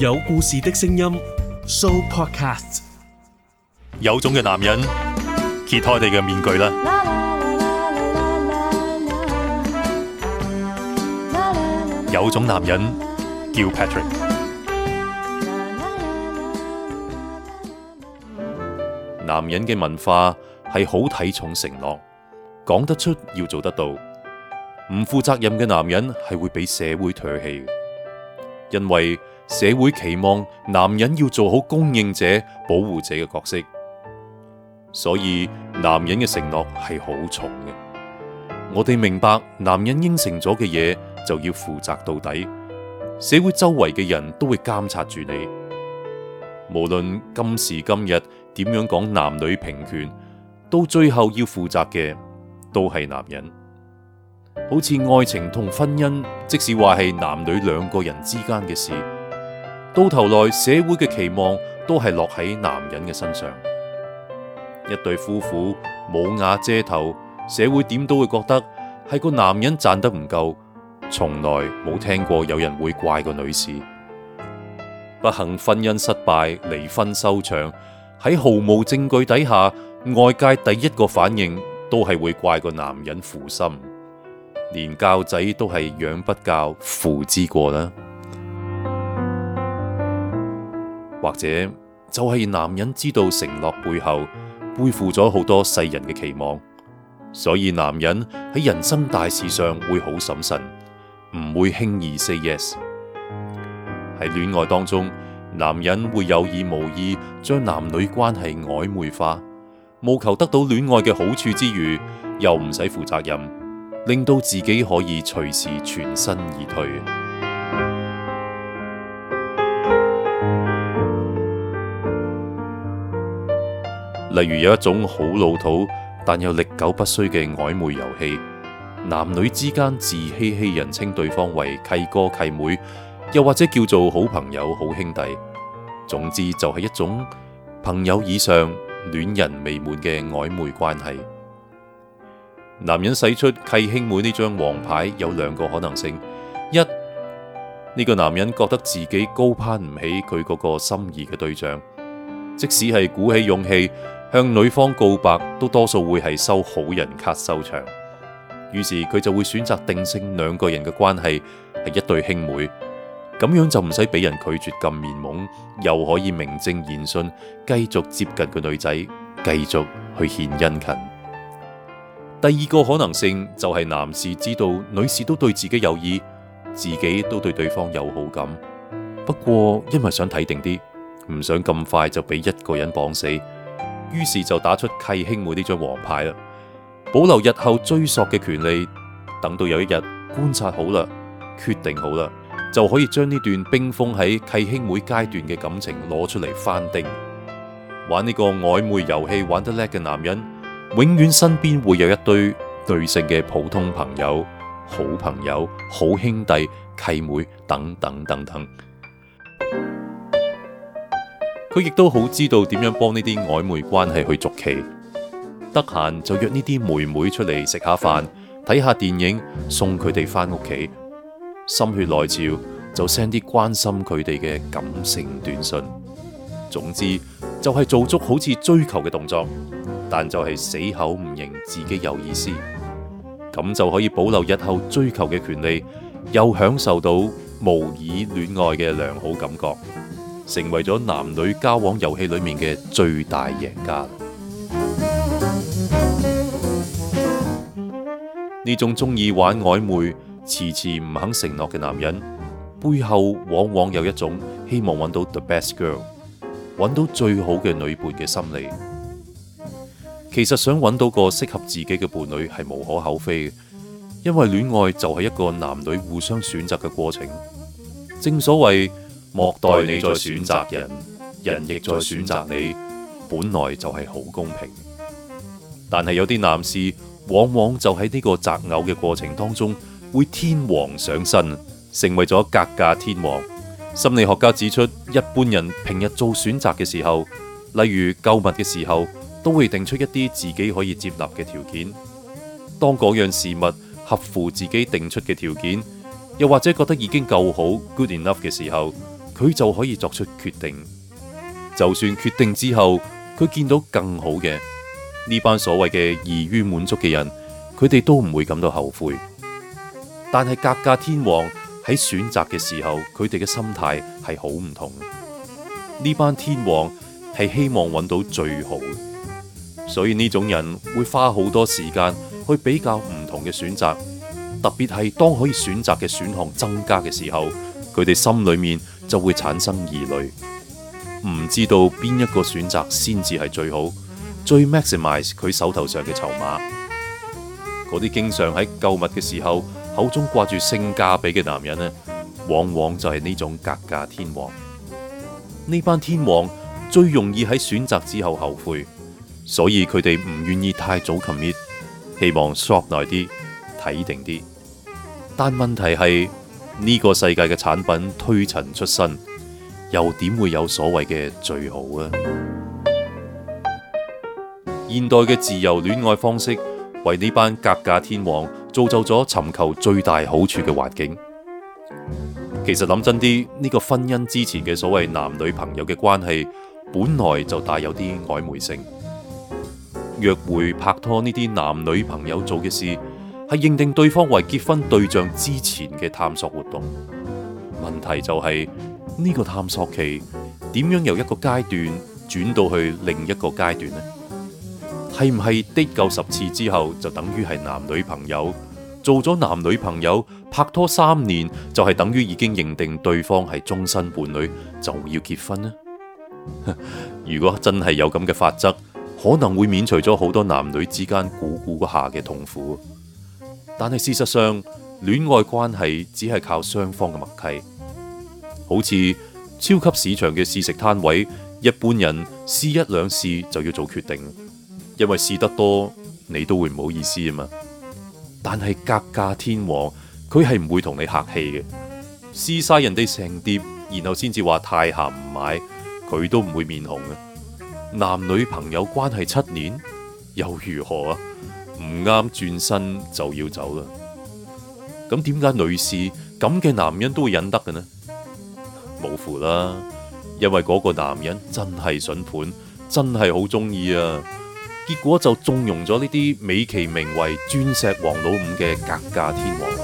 有故事的聲音，So Podcast。有種嘅男人揭開你嘅面具啦。有種男人叫 Patrick。男人嘅文化係好睇重承諾，講得出要做得到。唔負責任嘅男人係會俾社會唾棄，因為，社會期望男人要做好供應者、保護者嘅角色，所以男人嘅承諾係好重嘅。我哋明白，男人應承咗嘅嘢就要負責到底。社會周圍嘅人都會監察住你，無論今時今日點樣講男女平權，到最後要負責嘅都係男人。好似愛情同婚姻，即使話係男女兩個人之間嘅事。到頭來，社會的期望都是落在男人的身上。一對夫婦冇瓦遮頭，社會點都會覺得係個男人賺得不夠，從來冇聽過有人會怪個女士。不幸婚姻失敗，離婚收場，喺毫無證據底下，外界第一個反應都是會怪個男人負心，連教仔都是養不教父之過啦。或者就係、是、男人知道承諾背後背負咗好多世人嘅期望，所以男人喺人生大事上會好審慎，唔會輕易 say yes。喺戀愛當中，男人會有意無意將男女關係曖昧化，務求得到戀愛嘅好處之餘，又唔使負責任，令到自己可以隨時全身而退。例如有一種好老土但又歷久不衰嘅曖昧遊戲，男女之間自欺欺人稱對方為契哥契妹，又或者叫做好朋友、好兄弟，總之就係一種朋友以上、戀人未滿嘅曖昧關係。男人使出契兄妹呢張王牌有兩個可能性：一、呢個男人覺得自己高攀唔起佢嗰個心儀嘅對象，即使係鼓起勇氣。向女方告白都多數會係收好人卡收場，於是佢就會選擇定性兩個人嘅關係係一對兄妹，咁樣就唔使俾人拒絕咁面懵，又可以名正言順繼續接近個女仔，繼續去獻殷勤。第二個可能性就係男士知道女士都對自己有意，自己都對對方有好感，不過因為想睇定啲，唔想咁快就俾一個人綁死。於是就打出契兄妹呢張王牌啦，保留日後追索嘅權利。等到有一日觀察好啦，決定好啦，就可以將呢段冰封喺契兄妹階段嘅感情攞出嚟翻叮。玩呢個曖昧遊戲玩得叻嘅男人，永遠身邊會有一堆女性嘅普通朋友、好朋友、好兄弟、契妹等等等等。佢亦都好知道點樣幫呢啲曖昧關係去續期，得閒就約呢啲妹妹出嚟食下飯、睇下電影、送佢哋翻屋企，心血來潮就 send 啲關心佢哋嘅感性短信。總之就係做足好似追求嘅動作，但就係死口唔認自己有意思，咁就可以保留日後追求嘅權利，又享受到模擬戀愛嘅良好感覺。成為咗男女交往遊戲裏面嘅最大贏家。呢種中意玩曖昧、遲遲唔肯承諾嘅男人，背後往往有一種希望揾到 the best girl、揾到最好嘅女伴嘅心理。其實想揾到個適合自己嘅伴侶係無可厚非嘅，因為戀愛就係一個男女互相選擇嘅過程。正所謂。莫待你在選擇人，人人亦在選擇你，本來就係好公平。但係有啲男士，往往就喺呢個擇偶嘅過程當中會天王上身，成為咗格價天王。心理學家指出，一般人平日做選擇嘅時候，例如購物嘅時候，都會定出一啲自己可以接納嘅條件。當嗰樣事物合乎自己定出嘅條件，又或者覺得已經夠好 （good enough） 嘅時候，佢就可以作出決定，就算決定之後佢見到更好嘅，呢班所謂嘅易於滿足嘅人，佢哋都唔會感到後悔。但係格價天王喺選擇嘅時候，佢哋嘅心態係好唔同。呢班天王係希望揾到最好，所以呢種人會花好多時間去比較唔同嘅選擇，特別係當可以選擇嘅選項增加嘅時候，佢哋心裏面。就會產生疑慮，唔知道邊一個選擇先至係最好，最 maximize 佢手頭上嘅籌碼。嗰啲經常喺購物嘅時候口中掛住性價比嘅男人呢，往往就係呢種格價天王。呢班天王最容易喺選擇之後後悔，所以佢哋唔願意太早 commit，希望 search 耐啲睇定啲。但問題係，呢、這個世界嘅產品推陳出新，又點會有所謂嘅最好啊？現代嘅自由戀愛方式，為呢班格價天王造就咗尋求最大好處嘅環境。其實諗真啲，呢、這個婚姻之前嘅所謂男女朋友嘅關係，本來就帶有啲曖昧性。約會拍拖呢啲男女朋友做嘅事。係認定對方為結婚對象之前嘅探索活動。問題就係呢個探索期點樣由一個階段轉到去另一個階段呢？係唔係的夠十次之後就等於係男女朋友，做咗男女朋友拍拖三年就係等於已經認定對方係終身伴侶就要結婚呢？ 如果真係有咁嘅法則，可能會免除咗好多男女之間鼓鼓下嘅痛苦。但係事實上，戀愛關係只係靠雙方嘅默契，好似超級市場嘅試食攤位，一般人試一兩試就要做決定，因為試得多你都會唔好意思啊嘛。但係格價天王，佢係唔會同你客氣嘅，試晒人哋成碟，然後先至話太鹹唔買，佢都唔會面紅啊。男女朋友關係七年又如何啊？唔啱轉身就要走啦，咁點解女士咁嘅男人都會忍得嘅呢？冇符啦，因為嗰個男人真係筍盤，真係好中意啊！結果就縱容咗呢啲美其名為鑽石王老五嘅格價天王。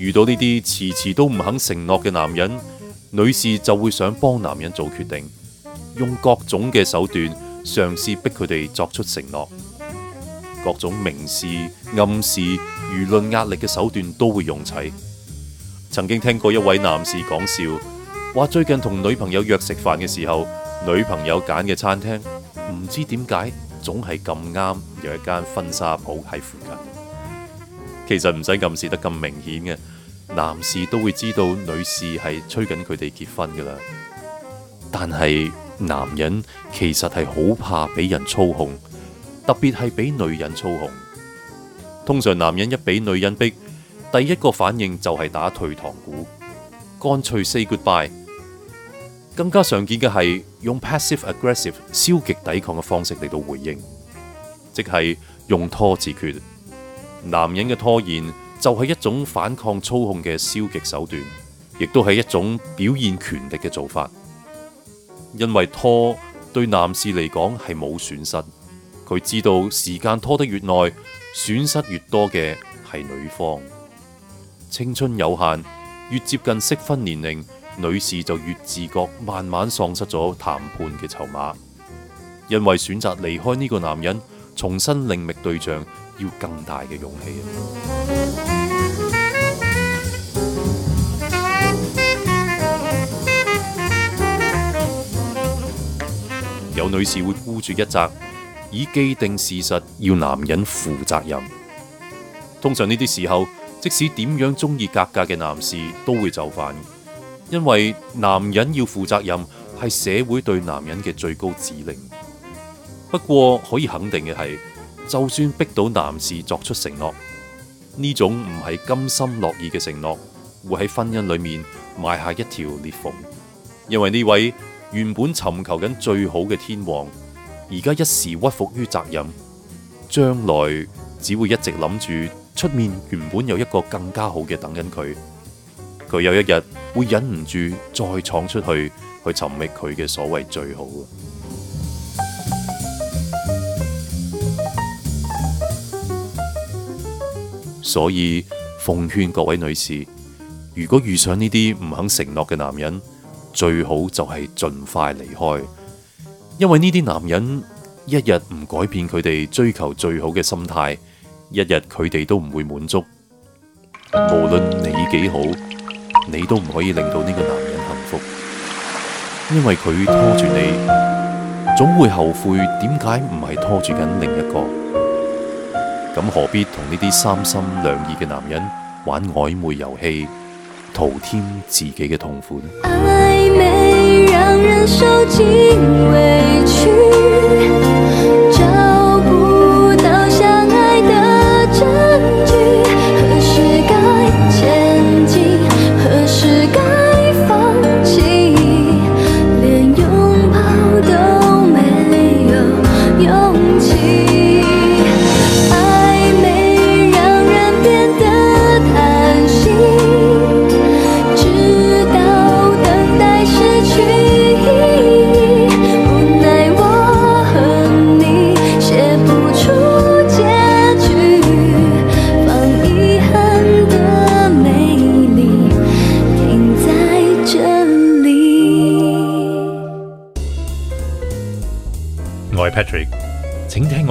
遇到呢啲遲遲都唔肯承諾嘅男人，女士就會想幫男人做決定，用各種嘅手段嘗試逼佢哋作出承諾，各種明示、暗示、輿論壓力嘅手段都會用齊。曾經聽過一位男士講笑，話最近同女朋友約食飯嘅時候，女朋友揀嘅餐廳唔知點解總係咁啱有一間婚紗鋪喺附近。其實唔使暗示得咁明顯嘅，男士都會知道女士係催緊佢哋結婚噶啦。但係男人其實係好怕俾人操控，特別係俾女人操控。通常男人一俾女人逼，第一個反應就係打退堂鼓，乾脆 say goodbye。更加常見嘅係用 passive aggressive 消極抵抗嘅方式嚟到回應，即係用拖字訣。男人嘅拖延就係一種反抗操控嘅消極手段，亦都係一種表現權力嘅做法。因為拖對男士嚟講係冇損失，佢知道時間拖得越耐，損失越多嘅係女方。青春有限，越接近適婚年齡，女士就越自覺慢慢喪失咗談判嘅籌碼。因為選擇離開呢個男人，重新另覓對象。要更大嘅勇氣。有女士會孤注一擲，以既定事實要男人負責任。通常呢啲時候，即使點樣中意格格嘅男士都會就範，因為男人要負責任係社會對男人嘅最高指令。不過可以肯定嘅係。就算逼到男士作出承諾，呢種唔係甘心樂意嘅承諾，會喺婚姻裏面埋下一條裂縫。因為呢位原本尋求緊最好嘅天王，而家一時屈服於責任，將來只會一直諗住出面原本有一個更加好嘅等緊佢。佢有一日會忍唔住再闖出去，去尋覓佢嘅所謂最好的。所以奉勸各位女士，如果遇上呢啲唔肯承諾嘅男人，最好就係盡快離開，因為呢啲男人一日唔改變佢哋追求最好嘅心態，一日佢哋都唔會滿足。無論你幾好，你都唔可以令到呢個男人幸福，因為佢拖住你，總會後悔點解唔係拖住緊另一個。咁何必同呢啲三心兩意嘅男人玩曖昧遊戲，徒添自己嘅痛苦呢？曖昧，讓人受盡委屈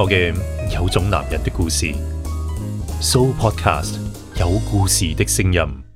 嘅有種男人的故事，So Podcast 有故事的聲音。